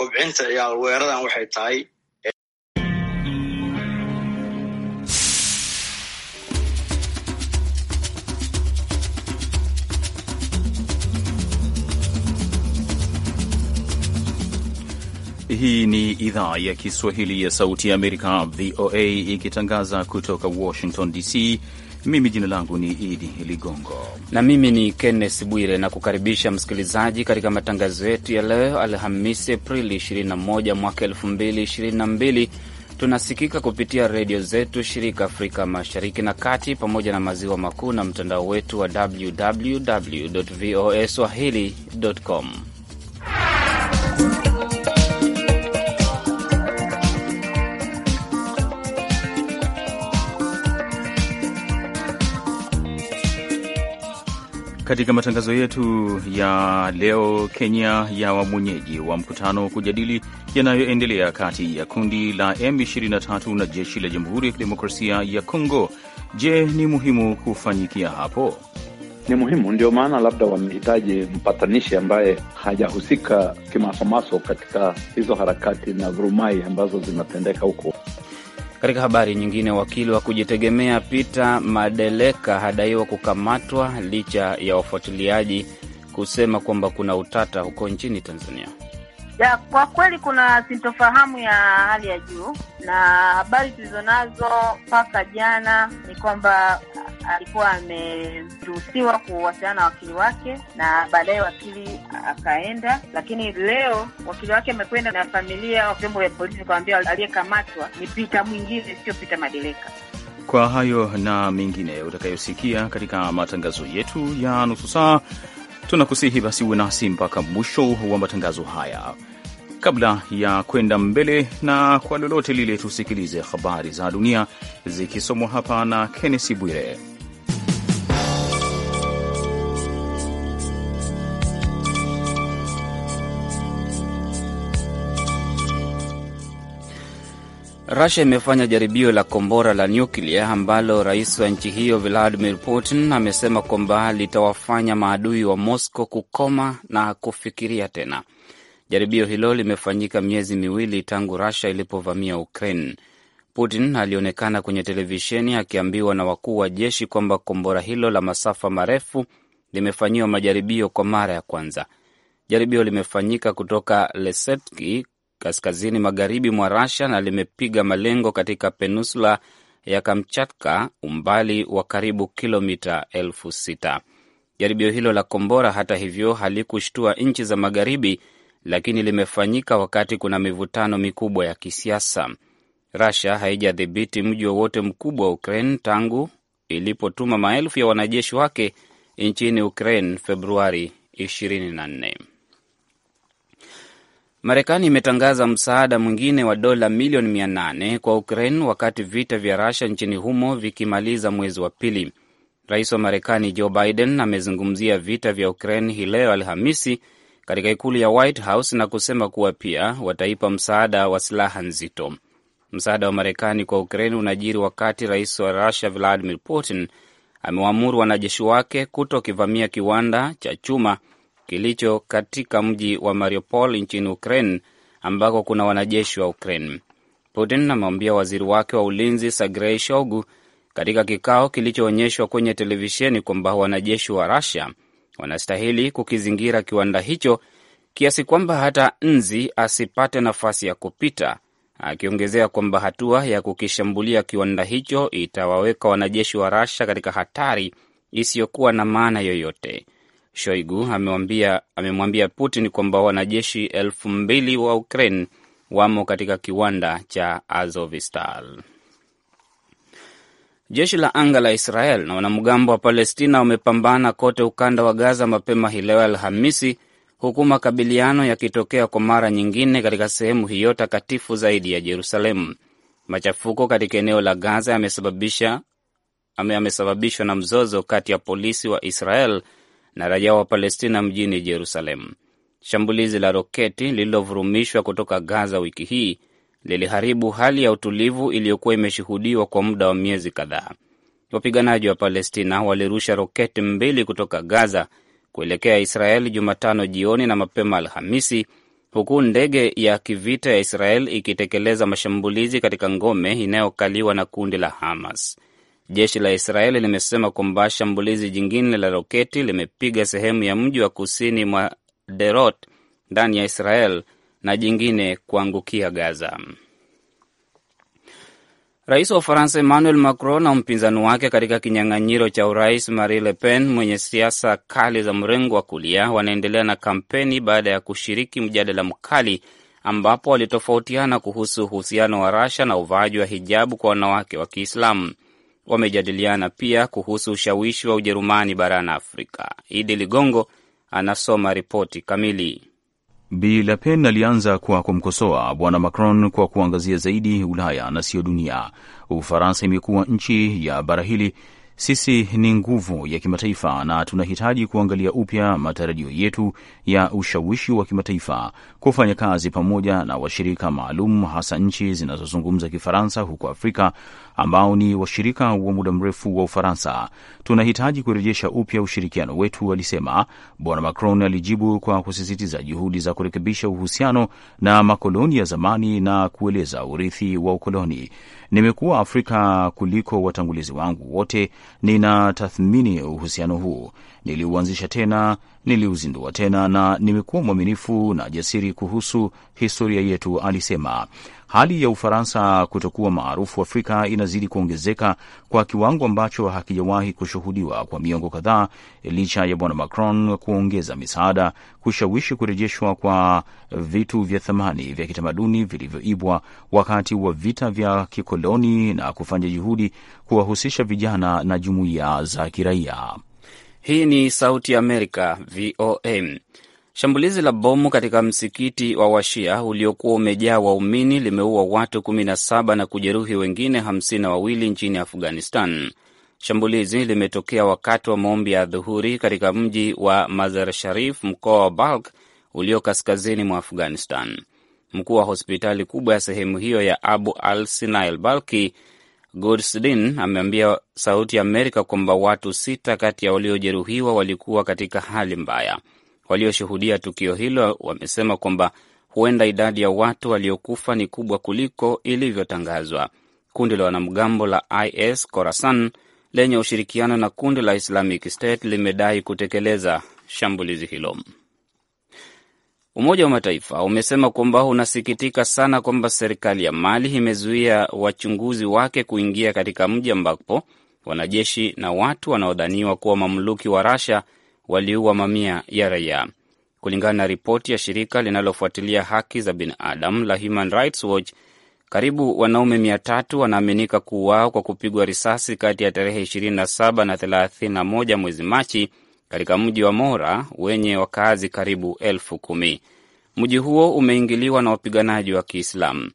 kobcinta ciyaal weeradan waxay tahay Hii ni idhaa ya Kiswahili ya Sauti ya Amerika, VOA, ikitangaza kutoka Washington DC. Mimi jina langu ni Idi Ligongo na mimi ni kennes Bwire, na kukaribisha msikilizaji katika matangazo yetu ya leo Alhamisi, Aprili 21 mwaka 2022. Tunasikika kupitia redio zetu shirika Afrika Mashariki na Kati pamoja na Maziwa Makuu na mtandao wetu wa www voa swahili.com. Katika matangazo yetu ya leo, Kenya yawa mwenyeji wa mkutano kujadili yanayoendelea kati ya kundi la M23 na jeshi la Jamhuri ya Kidemokrasia ya Kongo. Je, ni muhimu kufanyikia hapo? Ni muhimu, ndio maana labda wamehitaji mpatanishi ambaye hajahusika kimasomaso katika hizo harakati na vurumai ambazo zinatendeka huko. Katika habari nyingine, wakili wa kujitegemea Peter Madeleka hadaiwa kukamatwa licha ya wafuatiliaji kusema kwamba kuna utata huko nchini Tanzania. Ya, kwa kweli kuna sintofahamu ya hali ya juu, na habari tulizonazo mpaka jana ni kwamba alikuwa ameruhusiwa kuwasiliana na wakili wake na baadaye wakili akaenda, lakini leo wakili wake amekwenda na familia wa vyombo vya polisi kuambia aliyekamatwa ni Pita mwingine, sio Pita Madeleka. Kwa hayo na mengine utakayosikia katika matangazo yetu ya nusu saa Tunakusihi basi uwe nasi mpaka mwisho wa matangazo haya. Kabla ya kwenda mbele na kwa lolote lile, tusikilize habari za dunia zikisomwa hapa na Kennesi Bwire. Russia imefanya jaribio la kombora la nyuklia ambalo rais wa nchi hiyo Vladimir Putin amesema kwamba litawafanya maadui wa Moscow kukoma na kufikiria tena. Jaribio hilo limefanyika miezi miwili tangu Russia ilipovamia Ukraine. Putin alionekana kwenye televisheni akiambiwa na wakuu wa jeshi kwamba kombora hilo la masafa marefu limefanyiwa majaribio kwa mara ya kwanza. Jaribio limefanyika kutoka Lesetki kaskazini magharibi mwa Russia na limepiga malengo katika peninsula ya Kamchatka, umbali wa karibu kilomita elfu sita. Jaribio hilo la kombora, hata hivyo, halikushtua nchi za magharibi, lakini limefanyika wakati kuna mivutano mikubwa ya kisiasa. Russia haijadhibiti mji wowote mkubwa wa Ukraine tangu ilipotuma maelfu ya wanajeshi wake nchini Ukraine Februari 24. Marekani imetangaza msaada mwingine wa dola milioni 800 kwa Ukraine wakati vita vya Russia nchini humo vikimaliza mwezi wa pili. Rais wa Marekani Joe Biden amezungumzia vita vya Ukraine hii leo Alhamisi katika ikulu ya White House na kusema kuwa pia wataipa msaada wa silaha nzito. Msaada wa Marekani kwa Ukraine unajiri wakati rais wa rusia Vladimir Putin amewaamuru wanajeshi wake kuto kivamia kiwanda cha chuma kilicho katika mji wa Mariupol nchini Ukraine ambako kuna wanajeshi wa Ukraine. Putin amemwambia waziri wake wa ulinzi Sergei Shoigu katika kikao kilichoonyeshwa kwenye televisheni kwamba wanajeshi wa rasia wanastahili kukizingira kiwanda hicho kiasi kwamba hata nzi asipate nafasi ya kupita, akiongezea kwamba hatua ya kukishambulia kiwanda hicho itawaweka wanajeshi wa rasha katika hatari isiyokuwa na maana yoyote. Shoigu amemwambia Putin kwamba wanajeshi elfu mbili wa Ukraine wamo katika kiwanda cha Azovistal. Jeshi la anga la Israel na wanamgambo wa Palestina wamepambana kote ukanda wa Gaza mapema hii leo Alhamisi, huku makabiliano yakitokea kwa mara nyingine katika sehemu hiyo takatifu zaidi ya Jerusalemu. Machafuko katika eneo la Gaza yamesababishwa na mzozo kati ya polisi wa Israel na raia wa Palestina mjini Jerusalem. Shambulizi la roketi lililovurumishwa kutoka Gaza wiki hii liliharibu hali ya utulivu iliyokuwa imeshuhudiwa kwa muda wa miezi kadhaa. Wapiganaji wa Palestina walirusha roketi mbili kutoka Gaza kuelekea Israeli Jumatano jioni na mapema Alhamisi, huku ndege ya kivita ya Israel ikitekeleza mashambulizi katika ngome inayokaliwa na kundi la Hamas. Jeshi la Israeli limesema kwamba shambulizi jingine la roketi limepiga sehemu ya mji wa kusini mwa Derot ndani ya Israel na jingine kuangukia Gaza. Rais wa Ufaransa Emmanuel Macron na mpinzani wake katika kinyang'anyiro cha urais Marie Le Pen mwenye siasa kali za mrengo wa kulia wanaendelea na kampeni baada ya kushiriki mjadala mkali ambapo walitofautiana kuhusu uhusiano wa rasha na uvaaji wa hijabu kwa wanawake wa Kiislamu wamejadiliana pia kuhusu ushawishi wa Ujerumani barani Afrika. Idi Ligongo anasoma ripoti kamili. Bi Le Pen alianza kwa kumkosoa bwana Macron kwa kuangazia zaidi Ulaya na siyo dunia. Ufaransa imekuwa nchi ya bara hili, sisi ni nguvu ya kimataifa na tunahitaji kuangalia upya matarajio yetu ya ushawishi wa kimataifa, kufanya kazi pamoja na washirika maalum, hasa nchi zinazozungumza Kifaransa huko Afrika ambao ni washirika wa muda mrefu wa Ufaransa. Tunahitaji kurejesha upya ushirikiano wetu, alisema. Bwana Macron alijibu kwa kusisitiza juhudi za kurekebisha uhusiano na makoloni ya zamani na kueleza urithi wa ukoloni. Nimekuwa Afrika kuliko watangulizi wangu wote, ninatathmini uhusiano huu. Niliuanzisha tena, niliuzindua tena, na nimekuwa mwaminifu na jasiri kuhusu historia yetu, alisema. Hali ya Ufaransa kutokuwa maarufu Afrika inazidi kuongezeka kwa kiwango ambacho hakijawahi kushuhudiwa kwa miongo kadhaa, licha ya Bwana Macron kuongeza misaada, kushawishi kurejeshwa kwa vitu vya thamani vya kitamaduni vilivyoibwa wakati wa vita vya kikoloni na kufanya juhudi kuwahusisha vijana na jumuiya za kiraia. Hii ni Sauti ya Amerika, VOA. Shambulizi la bomu katika msikiti wa Washia uliokuwa umejaa waumini limeua watu 17 na kujeruhi wengine 52 nchini Afghanistan. Shambulizi limetokea wakati wa maombi ya dhuhuri katika mji wa Mazar Sharif, mkoa wa Balk ulio kaskazini mwa Afghanistan. Mkuu wa hospitali kubwa ya sehemu hiyo ya Abu al Sinail Balki Godslin ameambia Sauti ya Amerika kwamba watu sita kati ya waliojeruhiwa walikuwa katika hali mbaya. Walioshuhudia tukio hilo wamesema kwamba huenda idadi ya watu waliokufa ni kubwa kuliko ilivyotangazwa. Kundi la wanamgambo la IS Khorasan lenye ushirikiano na kundi la Islamic State limedai kutekeleza shambulizi hilo. Umoja wa Mataifa umesema kwamba unasikitika sana kwamba serikali ya Mali imezuia wachunguzi wake kuingia katika mji ambapo wanajeshi na watu wanaodhaniwa kuwa mamluki wa Rasha waliua mamia ya raia. Kulingana na ripoti ya shirika linalofuatilia haki za binadamu la Human Rights Watch, karibu wanaume mia tatu wanaaminika kuuawa kwa kupigwa risasi kati ya tarehe 27 na 31 mwezi Machi katika mji wa Mora wenye wakazi karibu elfu kumi. Mji huo umeingiliwa na wapiganaji wa Kiislamu.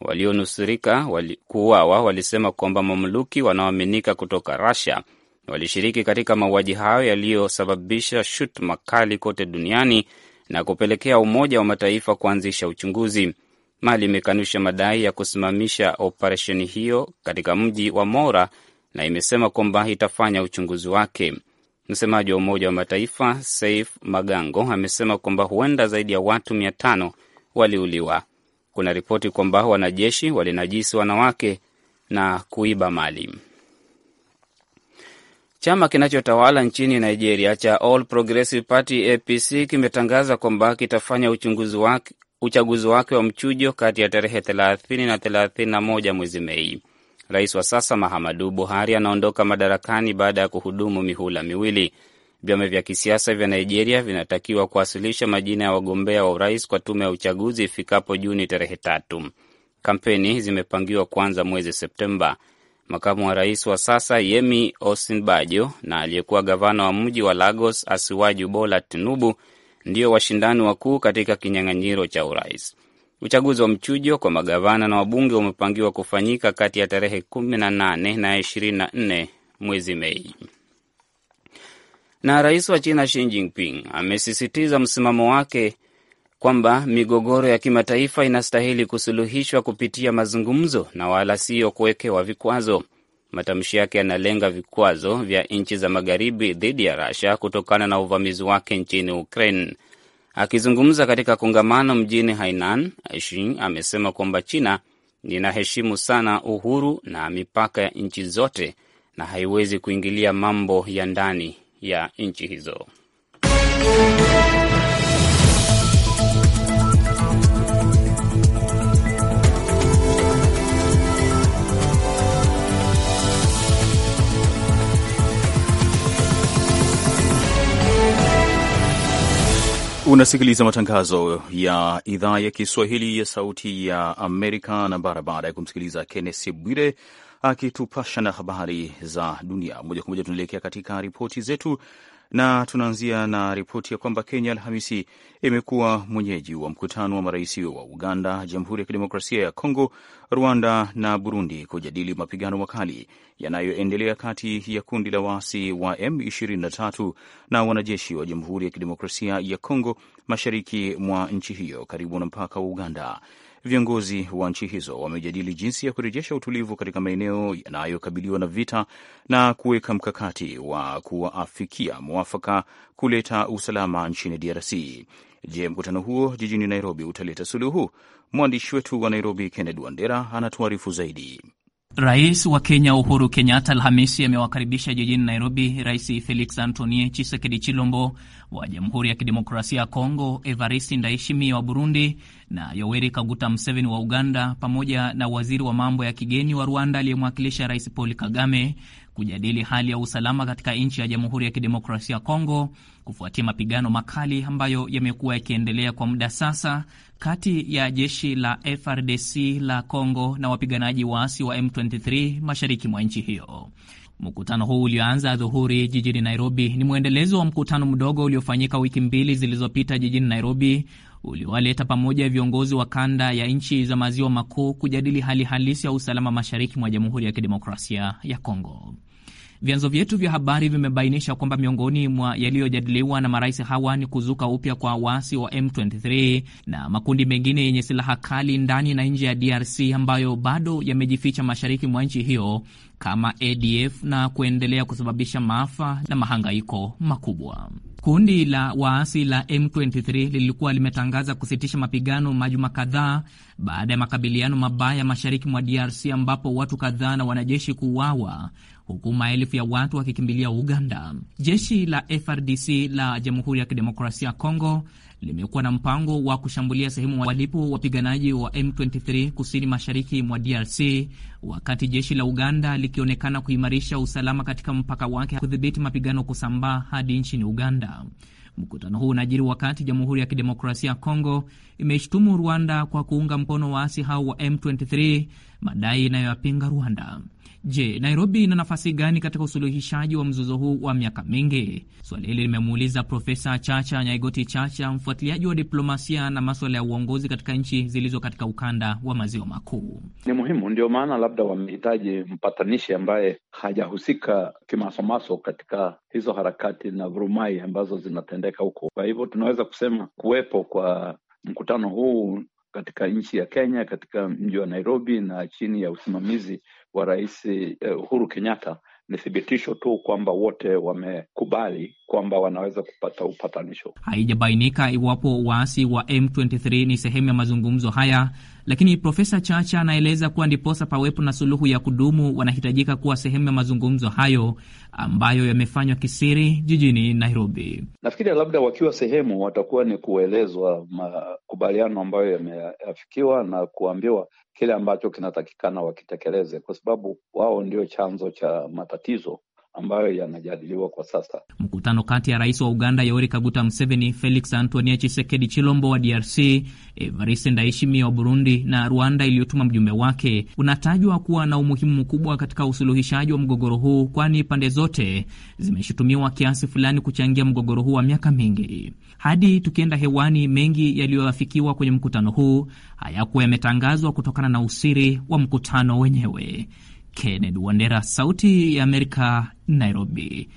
Walionusurika wali, kuuawa walisema kwamba mamluki wanaoaminika kutoka rasia walishiriki katika mauaji hayo yaliyosababisha shutuma kali kote duniani na kupelekea Umoja wa Mataifa kuanzisha uchunguzi. Mali imekanusha madai ya kusimamisha operesheni hiyo katika mji wa Mora na imesema kwamba itafanya uchunguzi wake. Msemaji wa Umoja wa Mataifa Saif Magango amesema kwamba huenda zaidi ya watu mia tano waliuliwa. Kuna ripoti kwamba wanajeshi walinajisi wanawake na kuiba mali. Chama kinachotawala nchini Nigeria cha All Progressive Party APC kimetangaza kwamba kitafanya uchaguzi wake wa mchujo kati ya tarehe 30 na 31 mwezi Mei. Rais wa sasa Mahamadu Buhari anaondoka madarakani baada ya kuhudumu mihula miwili. Vyama vya kisiasa vya Nigeria vinatakiwa kuwasilisha majina ya wagombea wa urais kwa tume ya uchaguzi ifikapo Juni tarehe tatu. Kampeni zimepangiwa kuanza mwezi Septemba. Makamu wa rais wa sasa Yemi Osinbajo na aliyekuwa gavana wa mji wa Lagos Asiwaju Bola Tinubu ndio washindani wakuu katika kinyang'anyiro cha urais. Uchaguzi wa mchujo kwa magavana na wabunge umepangiwa kufanyika kati ya tarehe 18 na 24 mwezi Mei. Na rais wa China Xi Jinping amesisitiza msimamo wake kwamba migogoro ya kimataifa inastahili kusuluhishwa kupitia mazungumzo na wala siyo kuwekewa vikwazo. Matamshi yake yanalenga vikwazo vya nchi za magharibi dhidi ya Russia kutokana na uvamizi wake nchini Ukraine. Akizungumza katika kongamano mjini Hainan, Xi amesema kwamba China ninaheshimu sana uhuru na mipaka ya nchi zote na haiwezi kuingilia mambo ya ndani ya nchi hizo. Unasikiliza matangazo ya idhaa ya Kiswahili ya Sauti ya Amerika, na bara baada ya kumsikiliza kennesi Bwire akitupasha na habari za dunia moja kwa moja, tunaelekea katika ripoti zetu na tunaanzia na ripoti ya kwamba Kenya Alhamisi imekuwa mwenyeji wa mkutano wa marais wa Uganda, Jamhuri ya Kidemokrasia ya Kongo, Rwanda na Burundi kujadili mapigano makali yanayoendelea kati ya kundi la waasi wa M23 na wanajeshi wa Jamhuri ya Kidemokrasia ya Kongo mashariki mwa nchi hiyo karibu na mpaka wa Uganda. Viongozi wa nchi hizo wamejadili jinsi ya kurejesha utulivu katika maeneo yanayokabiliwa na vita na kuweka mkakati wa kuwaafikia mwafaka kuleta usalama nchini DRC. Je, mkutano huo jijini Nairobi utaleta suluhu? Mwandishi wetu wa Nairobi, kenned Wandera, anatuarifu zaidi. Rais wa Kenya Uhuru Kenyatta Alhamisi amewakaribisha jijini Nairobi Rais Felix antoni Chisekedi Chilombo wa Jamhuri ya Kidemokrasia ya Kongo, evaristi Ndayishimiye wa Burundi na Yoweri Kaguta Museveni wa Uganda, pamoja na waziri wa mambo ya kigeni wa Rwanda aliyemwakilisha Rais Paul Kagame kujadili hali ya usalama katika nchi ya Jamhuri ya Kidemokrasia ya Kongo kufuatia mapigano makali ambayo yamekuwa yakiendelea kwa muda sasa kati ya jeshi la FRDC la Kongo na wapiganaji waasi wa M23 mashariki mwa nchi hiyo. Mkutano huu ulioanza dhuhuri jijini Nairobi ni mwendelezo wa mkutano mdogo uliofanyika wiki mbili zilizopita jijini Nairobi uliowaleta pamoja viongozi wa kanda ya nchi za maziwa makuu kujadili hali halisi ya usalama mashariki mwa Jamhuri ya Kidemokrasia ya Kongo. Vyanzo vyetu vya habari vimebainisha kwamba miongoni mwa yaliyojadiliwa na marais hawa ni kuzuka upya kwa waasi wa M23 na makundi mengine yenye silaha kali ndani na nje ya DRC ambayo bado yamejificha mashariki mwa nchi hiyo kama ADF na kuendelea kusababisha maafa na mahangaiko makubwa. Kundi la waasi la M23 lilikuwa limetangaza kusitisha mapigano majuma kadhaa baada ya makabiliano mabaya mashariki mwa DRC ambapo watu kadhaa na wanajeshi kuuawa huku maelfu ya watu wakikimbilia Uganda. Jeshi la FRDC la Jamhuri ya Kidemokrasia ya Kongo limekuwa na mpango wa kushambulia sehemu walipo wapiganaji wa M23 kusini mashariki mwa DRC, wakati jeshi la Uganda likionekana kuimarisha usalama katika mpaka wake, kudhibiti mapigano kusambaa hadi nchini Uganda. Mkutano huu unajiri wakati Jamhuri ya Kidemokrasia ya Kongo imeshutumu Rwanda kwa kuunga mkono waasi hao wa M23, madai inayoyapinga Rwanda. Je, Nairobi ina nafasi gani katika usuluhishaji wa mzozo huu wa miaka mingi? Swali hili limemuuliza Profesa Chacha Nyaigoti Chacha, mfuatiliaji wa diplomasia na maswala ya uongozi katika nchi zilizo katika ukanda wa maziwa makuu. Ni muhimu, ndio maana labda wamehitaji mpatanishi ambaye hajahusika kimasomaso katika hizo harakati na vurumai ambazo zinatendeka huko. Kwa hivyo tunaweza kusema kuwepo kwa mkutano huu katika nchi ya Kenya, katika mji wa Nairobi na chini ya usimamizi wa Rais eh, Uhuru Kenyatta ni thibitisho tu kwamba wote wamekubali kwamba wanaweza kupata upatanisho. Haijabainika iwapo waasi wa M23 ni sehemu ya mazungumzo haya lakini Profesa Chacha anaeleza kuwa ndiposa pawepo na suluhu ya kudumu, wanahitajika kuwa sehemu ya mazungumzo hayo ambayo yamefanywa kisiri jijini Nairobi. Nafikiri labda wakiwa sehemu watakuwa ni kuelezwa makubaliano ambayo yameafikiwa na kuambiwa kile ambacho kinatakikana wakitekeleze, kwa sababu wao ndio chanzo cha matatizo ambayo yanajadiliwa kwa sasa. Mkutano kati ya rais wa Uganda Yoweri Kaguta Museveni, Felix Antonia Chisekedi Chilombo wa DRC, Evariste Ndayishimiye wa Burundi na Rwanda iliyotuma mjumbe wake unatajwa kuwa na umuhimu mkubwa katika usuluhishaji wa mgogoro huu, kwani pande zote zimeshutumiwa kiasi fulani kuchangia mgogoro huu wa miaka mingi. Hadi tukienda hewani, mengi yaliyoafikiwa kwenye mkutano huu hayakuwa yametangazwa kutokana na usiri wa mkutano wenyewe. Kennedy Wandera, Sauti ya Amerika, Nairobi.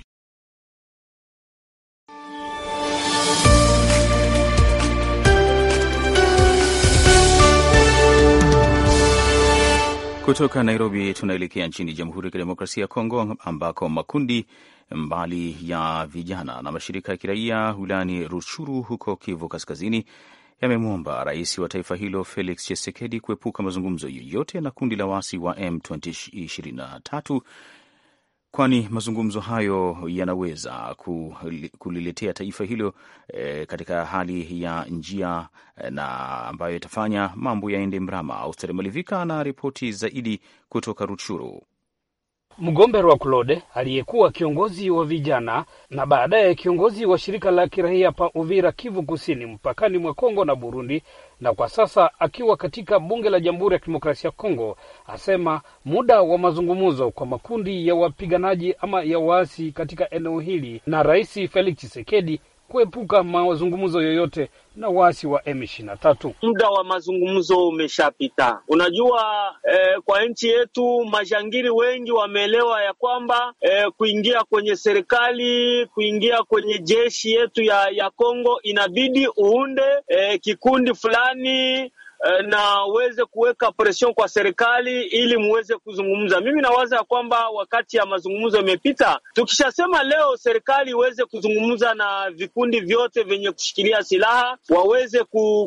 Kutoka Nairobi tunaelekea nchini Jamhuri ya Kidemokrasia ya Kongo, ambako makundi mbali ya vijana na mashirika ya kiraia wilayani Ruchuru huko Kivu Kaskazini yamemwomba rais wa taifa hilo Felix chisekedi kuepuka mazungumzo yoyote na kundi la wasi wa M23 kwani mazungumzo hayo yanaweza kuliletea taifa hilo e, katika hali ya njia eh, na ambayo itafanya mambo yaende mrama. Austeri Malivika ana ripoti zaidi kutoka Rutshuru mgombe wa Klode aliyekuwa kiongozi wa vijana na baadaye kiongozi wa shirika la kiraia pa Uvira, Kivu Kusini, mpakani mwa Kongo na Burundi, na kwa sasa akiwa katika bunge la Jamhuri ya Kidemokrasia ya Kongo, asema muda wa mazungumzo kwa makundi ya wapiganaji ama ya waasi katika eneo hili na Rais Felix Tshisekedi kuepuka mazungumzo yoyote na waasi wa M23. Muda wa mazungumzo umeshapita. Unajua eh, kwa nchi yetu majangiri wengi wameelewa ya kwamba eh, kuingia kwenye serikali, kuingia kwenye jeshi yetu ya, ya Kongo inabidi uunde eh, kikundi fulani Eh, na uweze kuweka presion kwa serikali ili muweze kuzungumza. Mimi nawaza ya kwamba wakati ya mazungumzo imepita. Tukishasema leo serikali iweze kuzungumza na vikundi vyote vyenye kushikilia silaha waweze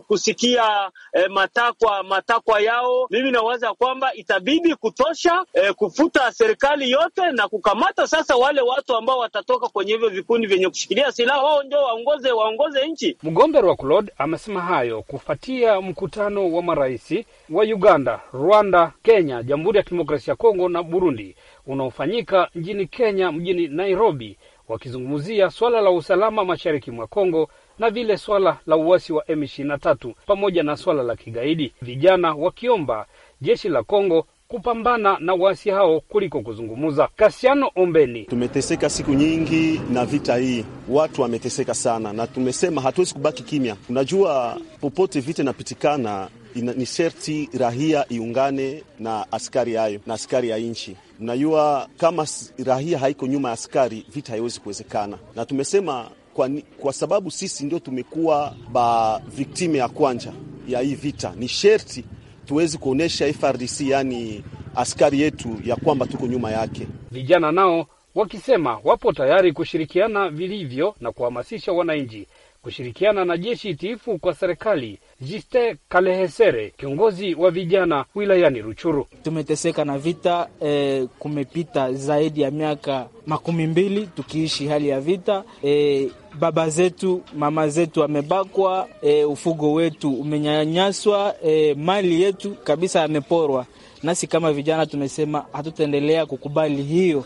kusikia eh, matakwa matakwa yao. Mimi nawaza ya kwamba itabidi kutosha eh, kufuta serikali yote na kukamata sasa wale watu ambao watatoka kwenye hivyo vikundi vyenye kushikilia silaha, wao ndio waongoze waongoze nchi. mgombe wa Claude amesema hayo kufuatia mkutano wa marais wa Uganda, Rwanda, Kenya, Jamhuri ya Kidemokrasia ya Kongo na Burundi unaofanyika nchini Kenya, mjini Nairobi, wakizungumzia swala la usalama mashariki mwa Kongo na vile swala la uasi wa M23 pamoja na swala la kigaidi, vijana wakiomba jeshi la Kongo kupambana na waasi hao kuliko kuzungumza. Kasiano Ombeni: tumeteseka siku nyingi na vita hii, watu wameteseka sana, na tumesema hatuwezi kubaki kimya. Unajua, popote vita inapitikana ina, ni sherti rahia iungane na askari hayo na askari ya nchi. Mnajua kama rahia haiko nyuma ya askari, vita haiwezi kuwezekana, na tumesema kwa, kwa sababu sisi ndio tumekuwa ba viktime ya kwanja ya hii vita, ni sherti tuwezi kuonyesha FRDC yani askari yetu ya kwamba tuko nyuma yake. Vijana nao wakisema wapo tayari kushirikiana vilivyo na kuhamasisha wananchi kushirikiana na jeshi tiifu kwa serikali. Jiste Kalehesere, kiongozi wa vijana wilayani Ruchuru: tumeteseka na vita e, kumepita zaidi ya miaka makumi mbili tukiishi hali ya vita e, baba zetu mama zetu wamebakwa e, ufugo wetu umenyanyaswa e, mali yetu kabisa yameporwa. Nasi kama vijana tumesema hatutaendelea kukubali hiyo,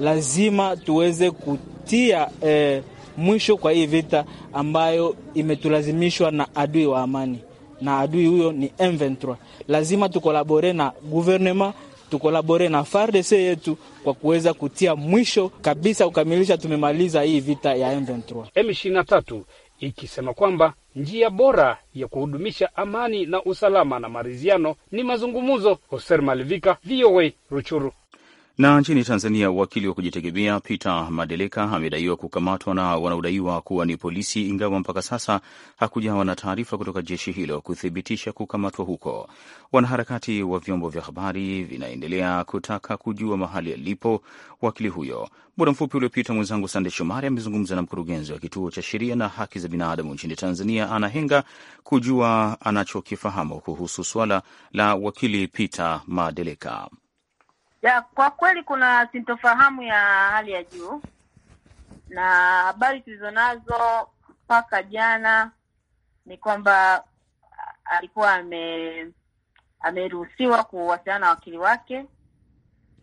lazima tuweze kutia e, mwisho kwa hii vita ambayo imetulazimishwa na adui wa amani, na adui huyo ni M23. Lazima tukolabore na guvernema tukolabore na FARDC yetu kwa kuweza kutia mwisho kabisa kukamilisha, tumemaliza hii vita ya M23. M23 ikisema kwamba njia bora ya kuhudumisha amani na usalama na maridhiano ni mazungumzo. Hoser Malivika, VOA, Ruchuru. Na nchini Tanzania, wakili wa kujitegemea Peter Madeleka amedaiwa kukamatwa na wanaodaiwa kuwa ni polisi, ingawa mpaka sasa hakujawa na taarifa kutoka jeshi hilo kuthibitisha kukamatwa huko. Wanaharakati wa vyombo vya habari vinaendelea kutaka kujua mahali alipo wakili huyo. Muda mfupi uliopita, mwenzangu Sande Shomari amezungumza na mkurugenzi wa kituo cha sheria na haki za binadamu nchini Tanzania, Ana Henga, kujua anachokifahamu kuhusu swala la wakili Peter Madeleka. Ya, kwa kweli kuna sintofahamu ya hali ya juu na habari tulizonazo mpaka jana ni kwamba alikuwa ame ameruhusiwa kuwasiliana na wakili wake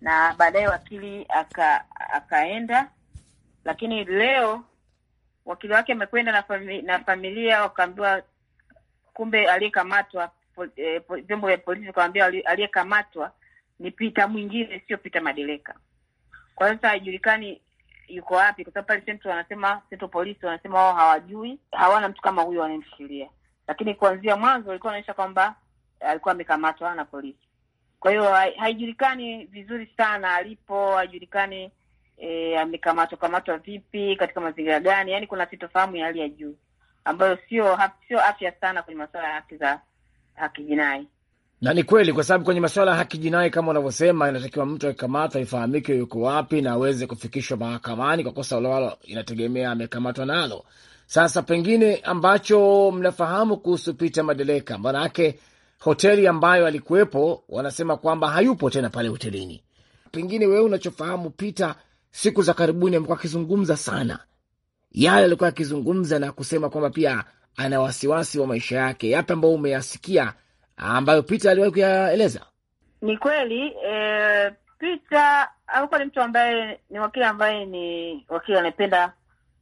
na baadaye wakili aka, akaenda, lakini leo wakili wake amekwenda na, fami, na familia wakaambiwa, kumbe aliyekamatwa eh, vyombo eh, vya polisi vikawambia aliyekamatwa ni Pita Mwingine, sio Pita Madeleka. Kwa hiyo sasa haijulikani yuko wapi, kwa sababu pale sentro wanasema, sentro polisi wanasema wao hawajui, hawana mtu kama huyo wanayemshikilia, lakini kuanzia mwanzo walikuwa wanaonyesha kwamba eh, alikuwa amekamatwa na polisi. Kwa hiyo haijulikani vizuri sana alipo, haijulikani e, amekamatwa kamatwa vipi, katika mazingira gani, yaani kuna sitofahamu ya hali ya juu ambayo sio sio afya sana kwenye masuala ya haki za haki jinai. Na ni kweli, kwa sababu kwenye masuala ya haki jinai kama unavyosema, inatakiwa mtu akikamatwa ifahamike yuko wapi na aweze kufikishwa mahakamani kwa kosa ulalo, inategemea amekamatwa nalo. Sasa pengine ambacho mnafahamu kuhusu Peter Madeleka, manake hoteli ambayo alikuwepo wanasema kwamba hayupo tena pale hotelini. Pengine wewe unachofahamu, Peter siku za karibuni amekuwa akizungumza sana yale alikuwa akizungumza na kusema kwamba pia ana wasiwasi wa maisha yake. Yapi ambayo umeyasikia ambayo Peter aliwahi kuyaeleza. Ni kweli e, Peter alikuwa ni mtu ambaye ni wakili ambaye ni wakili anayependa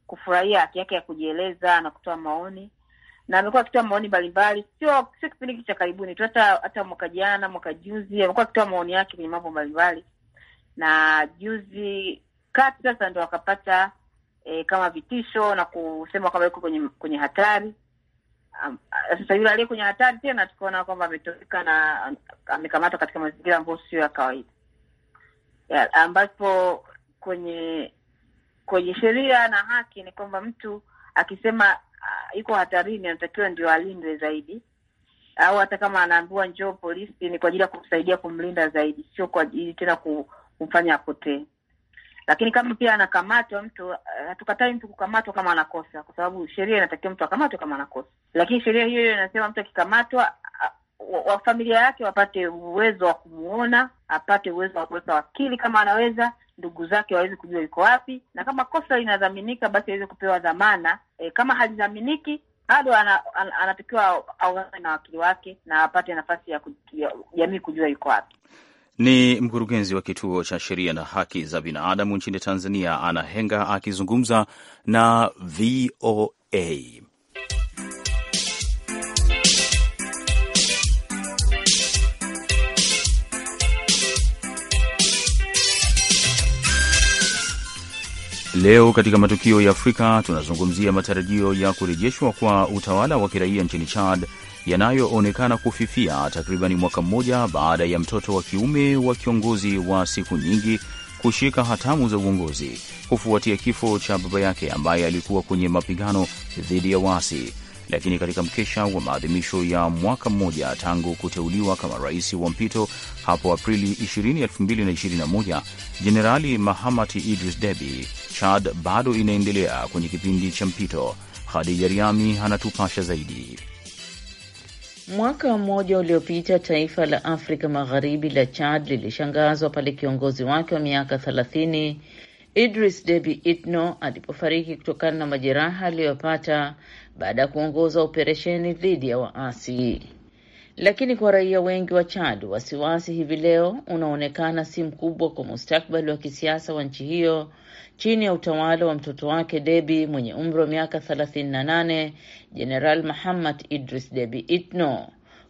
kufurahia haki yake ya kujieleza na kutoa maoni, na amekuwa akitoa maoni mbalimbali, sio sio kipindi hiki cha karibuni tu, hata hata mwaka jana, mwaka juzi amekuwa akitoa maoni yake kwenye mambo mbalimbali, na juzi kati sasa ndo akapata e, kama vitisho na kusema kwamba yuko kwenye, kwenye hatari sasa yule aliye kwenye hatari tena, tukaona kwamba ametoweka na amekamatwa katika mazingira ambayo sio ya kawaida, ambapo kwenye kwenye sheria na haki ni kwamba mtu akisema iko hatarini, anatakiwa ndio alindwe zaidi, au hata kama anaambiwa njoo polisi, ni kwa ajili ya kumsaidia kumlinda zaidi, sio kwa ajili tena kumfanya apotee. Lakini kama pia anakamatwa mtu, eh, hatukatai mtu kukamatwa kama anakosa, kwa sababu sheria inatakiwa mtu akamatwe kama anakosa, lakini sheria hiyo hiyo inasema mtu akikamatwa wa familia yake wapate uwezo wa kumuona, apate uwezo wa kuweka wakili kama anaweza, ndugu zake waweze kujua yuko wapi, na kama kosa linadhaminika basi aweze kupewa dhamana. E, kama halidhaminiki bado anatakiwa aungane na wakili wake na apate nafasi ya jamii kujua yuko wapi. Ni mkurugenzi wa kituo cha sheria na haki za binadamu nchini Tanzania, Ana Henga akizungumza na VOA. Leo katika matukio ya Afrika tunazungumzia matarajio ya kurejeshwa kwa utawala wa kiraia nchini Chad yanayoonekana kufifia takribani mwaka mmoja baada ya mtoto wa kiume wa kiongozi wa siku nyingi kushika hatamu za uongozi kufuatia kifo cha baba yake ambaye alikuwa kwenye mapigano dhidi ya waasi. Lakini katika mkesha wa maadhimisho ya mwaka mmoja tangu kuteuliwa kama rais wa mpito hapo Aprili 20, 2021, Jenerali Mahamat Idris Deby, Chad bado inaendelea kwenye kipindi cha mpito. hadija Riami anatupasha zaidi. Mwaka mmoja uliopita taifa la Afrika Magharibi la Chad lilishangazwa pale kiongozi wake wa miaka thelathini Idris Deby Itno alipofariki kutokana na majeraha aliyopata baada ya kuongoza operesheni dhidi ya waasi. Lakini kwa raia wengi wa Chad, wasiwasi hivi leo unaonekana si mkubwa kwa mustakbali wa kisiasa wa nchi hiyo chini ya utawala wa mtoto wake Debi mwenye umri wa miaka 38, Jeneral Mahamad Idris Debi Itno,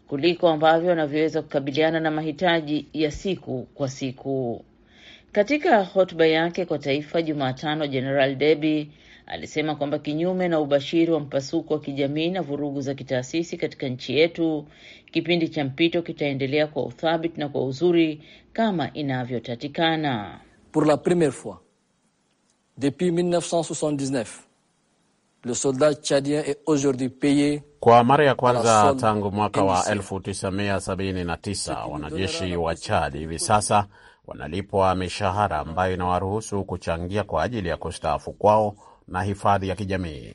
kuliko ambavyo wanavyoweza kukabiliana na mahitaji ya siku kwa siku. Katika hotuba yake kwa taifa Jumatano, Jeneral Debi alisema kwamba kinyume na ubashiri wa mpasuko wa kijamii na vurugu za kitaasisi katika nchi yetu, kipindi cha mpito kitaendelea kwa uthabiti na kwa uzuri kama inavyotatikana. Pour la première fois depuis 1979 le soldat tchadien est aujourd'hui paye kwa mara ya kwanza tangu mwaka wa 1979 wanajeshi wa Chad hivi sasa wanalipwa mishahara ambayo inawaruhusu kuchangia kwa ajili ya kustaafu kwao na hifadhi ya kijamii.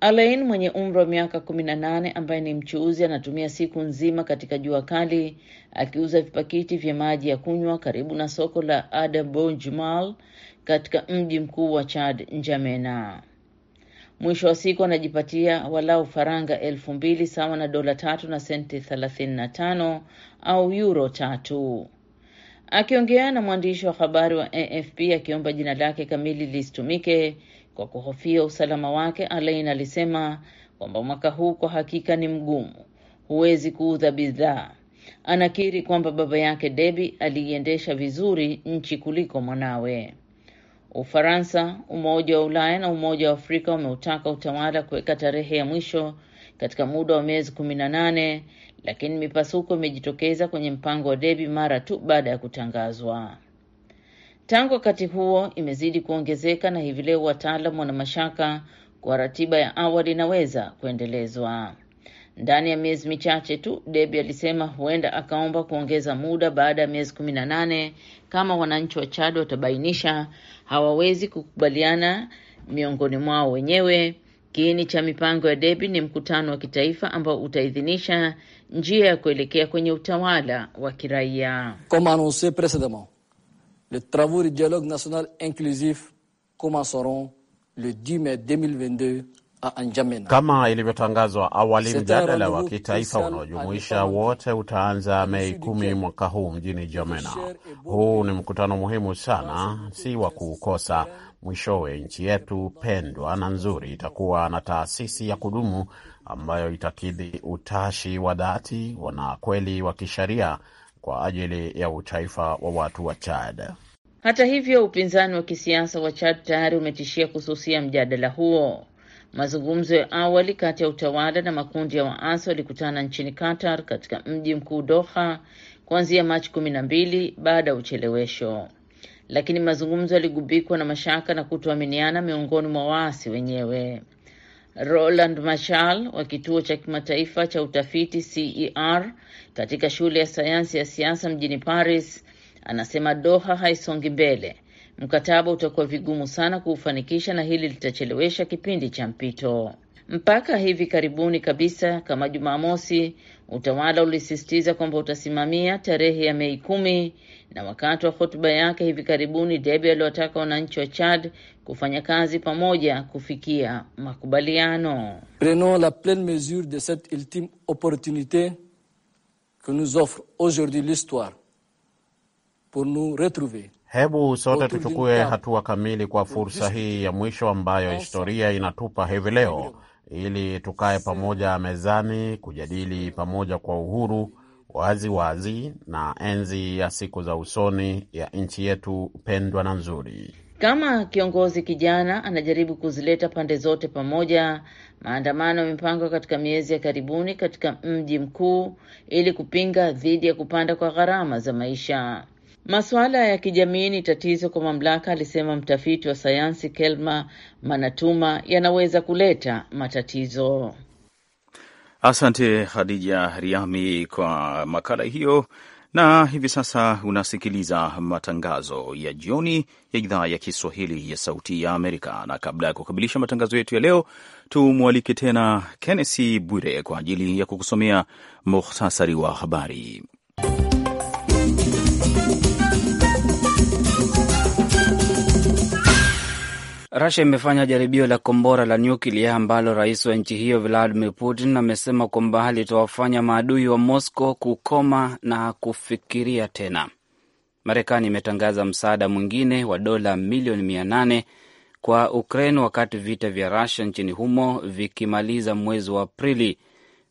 Alain mwenye umri wa miaka kumi na nane ambaye ni mchuuzi anatumia siku nzima katika jua kali akiuza vipakiti vya maji ya kunywa karibu na soko la Adabonjmal katika mji mkuu wa Chad, Njamena. Mwisho wa siku anajipatia walau faranga elfu mbili sawa na dola tatu na senti thelathini na tano au yuro tatu. Akiongea na mwandishi wa habari wa AFP akiomba jina lake kamili lisitumike kwa kuhofia usalama wake, Alain alisema kwamba mwaka huu kwa hakika ni mgumu, huwezi kuuza bidhaa. Anakiri kwamba baba yake Debi aliiendesha vizuri nchi kuliko mwanawe. Ufaransa, Umoja wa Ulaya na Umoja wa Afrika umeutaka utawala kuweka tarehe ya mwisho katika muda wa miezi kumi na nane, lakini mipasuko imejitokeza kwenye mpango wa Debi mara tu baada ya kutangazwa. Tangu wakati huo imezidi kuongezeka na hivi leo wataalam wana mashaka kwa ratiba ya awali inaweza kuendelezwa. Ndani ya miezi michache tu, Debi alisema huenda akaomba kuongeza muda baada ya miezi kumi na nane kama wananchi wa Chad watabainisha hawawezi kukubaliana miongoni mwao wenyewe. Kiini cha mipango ya Debi ni mkutano wa kitaifa ambao utaidhinisha njia ya kuelekea kwenye utawala wa kiraia. Comme Les travaux du dialogue national inclusif commenceront le 10 mai 2022 Kama ilivyotangazwa awali, mjadala wa kitaifa unaojumuisha wote utaanza Mei kumi mwaka huu mjini jamena Huu ni mkutano muhimu sana, si wa kuukosa. Mwishowe nchi yetu pendwa na nzuri itakuwa na taasisi ya kudumu ambayo itakidhi utashi wa dhati na kweli wa kisheria kwa ajili ya utaifa wa watu wa Chad. Hata hivyo, upinzani wa kisiasa wa Chad tayari umetishia kususia mjadala huo. Mazungumzo ya awali kati ya utawala na makundi ya waasi walikutana nchini Qatar katika mji mkuu Doha kuanzia Machi kumi na mbili baada ya uchelewesho, lakini mazungumzo yaligubikwa na mashaka na kutoaminiana miongoni mwa waasi wenyewe. Roland Marshall wa kituo cha kimataifa cha utafiti CER katika shule ya sayansi ya siasa mjini Paris anasema Doha haisongi mbele. Mkataba utakuwa vigumu sana kuufanikisha na hili litachelewesha kipindi cha mpito. Mpaka hivi karibuni kabisa, kama Jumamosi, utawala ulisisitiza kwamba utasimamia tarehe ya Mei kumi, na wakati wa hotuba yake hivi karibuni, debi aliwataka wananchi wa Chad kufanya kazi pamoja kufikia makubaliano. Prenons la pleine mesure de cette ultime opportunite que nous offre aujourd'hui l'histoire pour nous retrouver Hebu sote tuchukue hatua kamili kwa fursa hii ya mwisho ambayo historia inatupa hivi leo ili tukae pamoja mezani kujadili pamoja kwa uhuru, wazi wazi, na enzi ya siku za usoni ya nchi yetu pendwa na nzuri. Kama kiongozi kijana anajaribu kuzileta pande zote pamoja. Maandamano yamepangwa katika miezi ya karibuni katika mji mkuu ili kupinga dhidi ya kupanda kwa gharama za maisha. Masuala ya kijamii ni tatizo kwa mamlaka, alisema mtafiti wa sayansi Kelma Manatuma, yanaweza kuleta matatizo. Asante Khadija Riami kwa makala hiyo, na hivi sasa unasikiliza matangazo ya jioni ya idhaa ya Kiswahili ya Sauti ya Amerika. Na kabla ya kukamilisha matangazo yetu ya leo, tumwalike tena Kennesi Bwire kwa ajili ya kukusomea muhtasari wa habari. Rusia imefanya jaribio la kombora la nyuklia ambalo rais wa nchi hiyo Vladimir Putin amesema kwamba litawafanya maadui wa Moscow kukoma na kufikiria tena. Marekani imetangaza msaada mwingine wa dola milioni mia nane kwa Ukraine wakati vita vya rusia nchini humo vikimaliza mwezi wa Aprili.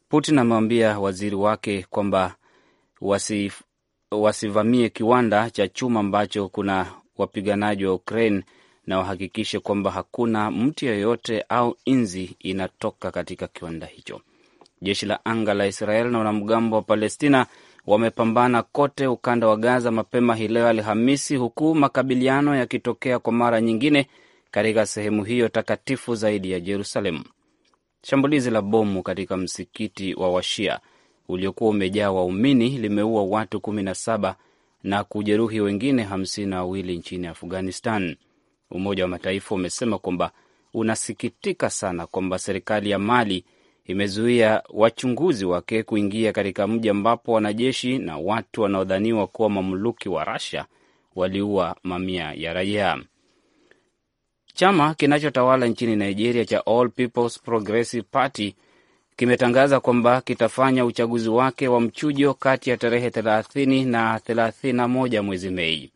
Putin amewambia waziri wake kwamba wasif, wasivamie kiwanda cha chuma ambacho kuna wapiganaji wa Ukraine na wahakikishe kwamba hakuna mtu yeyote au inzi inatoka katika kiwanda hicho. Jeshi la anga la Israel na wanamgambo wa Palestina wamepambana kote ukanda wa Gaza mapema hii leo Alhamisi, huku makabiliano yakitokea kwa mara nyingine katika sehemu hiyo takatifu zaidi ya Jerusalemu. Shambulizi la bomu katika msikiti wa Washia uliokuwa umejaa waumini limeua watu 17 na kujeruhi wengine hamsini na wawili nchini Afghanistan. Umoja wa Mataifa umesema kwamba unasikitika sana kwamba serikali ya Mali imezuia wachunguzi wake kuingia katika mji ambapo wanajeshi na watu wanaodhaniwa kuwa mamluki wa rasia waliua mamia ya raia. Chama kinachotawala nchini Nigeria cha All Peoples Progressive Party kimetangaza kwamba kitafanya uchaguzi wake wa mchujo kati ya tarehe 30 na 31 mwezi Mei.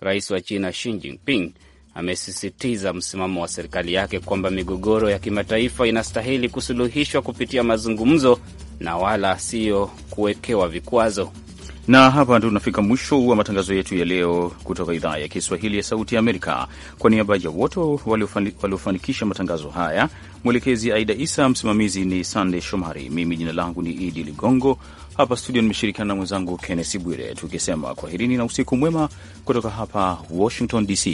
Rais wa China Xi Jinping amesisitiza msimamo wa serikali yake kwamba migogoro ya kimataifa inastahili kusuluhishwa kupitia mazungumzo na wala siyo kuwekewa vikwazo. Na hapa ndio tunafika mwisho wa matangazo yetu ya leo kutoka idhaa ya Kiswahili ya Sauti ya Amerika. Kwa niaba ya wote waliofanikisha matangazo haya, mwelekezi Aida Isa, msimamizi ni Sandey Shomari, mimi jina langu ni Idi Ligongo. Hapa studio nimeshirikiana na mwenzangu Kennesi Bwire, tukisema kwaherini na usiku mwema kutoka hapa Washington DC.